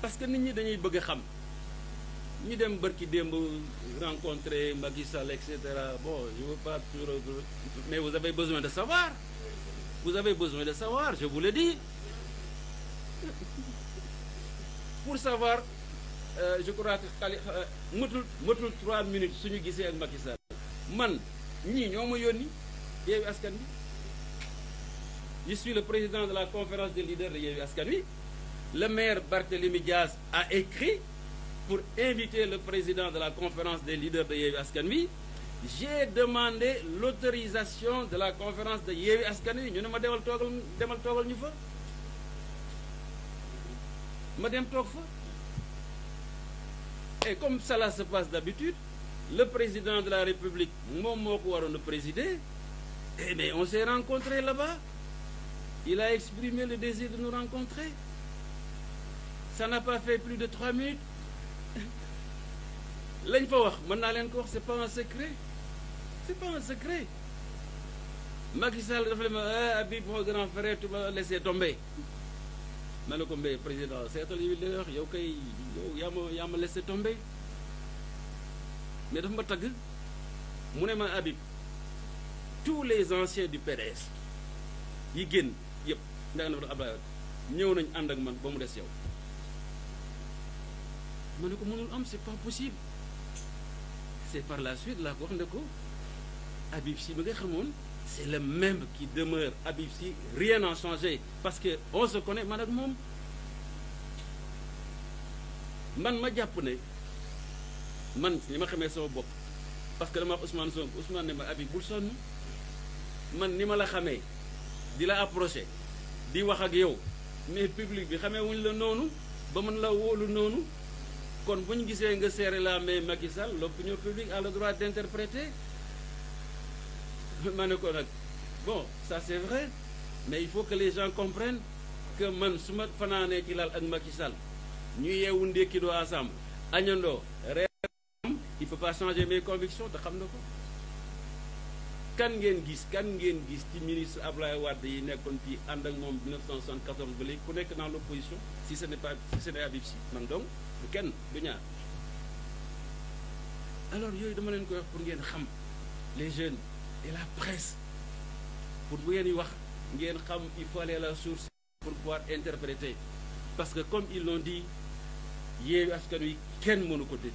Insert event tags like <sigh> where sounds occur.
parce que nit ñi dañuy bëgg a xam ñu dem bërki démb rencontrer Macky Sall cetera bon je veux pas mais vous avez besoin de savoir vous avez besoin de savoir je vous le pour savoir euh, je crois que xali euh, mëtul mëtul trois minutes suñu gisee ak Macky man ñii ñoo ma yónni Yewwi Askan Wi je suis le président de la conférence des leaders de Yewwi Askan Wi le maire Barthélémy Diaz a écrit pour inviter le président de la conférence des leaders de Yewwi Askan Wi j'ai demandé l'autorisation de la conférence de Yewwi Askan Wi ñu ne ma demal toogal demal toogal ñu fa ma dem toog fa et comme cela se passe d'habitude le président de la République moom moo ko waroon a présider eh mais on s'est rencontré là-bas il a exprimé le désir de nous rencontrer ça n'a pas plus de trois minutes lañ fa wax mën naa leen ko wax c'est pas un secret c'est pas un secret Macky Sall dafa le ma eh, Habib mon grand a tu m'as laissé ma ne ko mbay président seetal yi lay wax yow kay yow yaa ma mais dafa ma tagg mu ne ma Habib tous les anciens du PDS yi génn yëpp ndax na fa Abdoulaye ñëw nañ ànd ak man ba mu des yow ma mënul am c'est pas possible par la suite laa ko ko Habib Sy nga xamoon c'est le même qui demeure Habib Sy rien n'a parce que on se man ak moom man ma jàpp ne man li ma xamee sama bopp parce que dama wax Ousmane Sonko Ousmane ne ma man ni ma la xamee di la approché di wax ak yow mais public bi xamee wuñ la noonu ba mën la wóolu noonu kon bu ñu gisee nga serré la main Macky Sall l'opinion publique a le droit d'interpréter <laughs> ma ne ko nag bon ça c'est vrai mais il faut que les gens comprennent que man su ma fanaanee ci laal ak Macky ñu yeewu ndékkidoo ensemble añandoo reer il faut pas changer mes convictions te xam na ko kan ngeen gis kan ngeen gis ci ministre Ablaye Wade yi nekkoon fii ànd ak moom 1974 ba léegi ku nekk dans l'opposition si ce n'est pas si ce n'est Habib Sy man donc du kenn du ñaar alors yooyu dama leen koy wax pour ngeen xam les jeunes et la presse pour bu ngeen wax ngeen xam il faut aller à la source pour pouvoir interpréter parce que comme ils l'ont dit Yewwi Askan Wi kenn mënu ko dé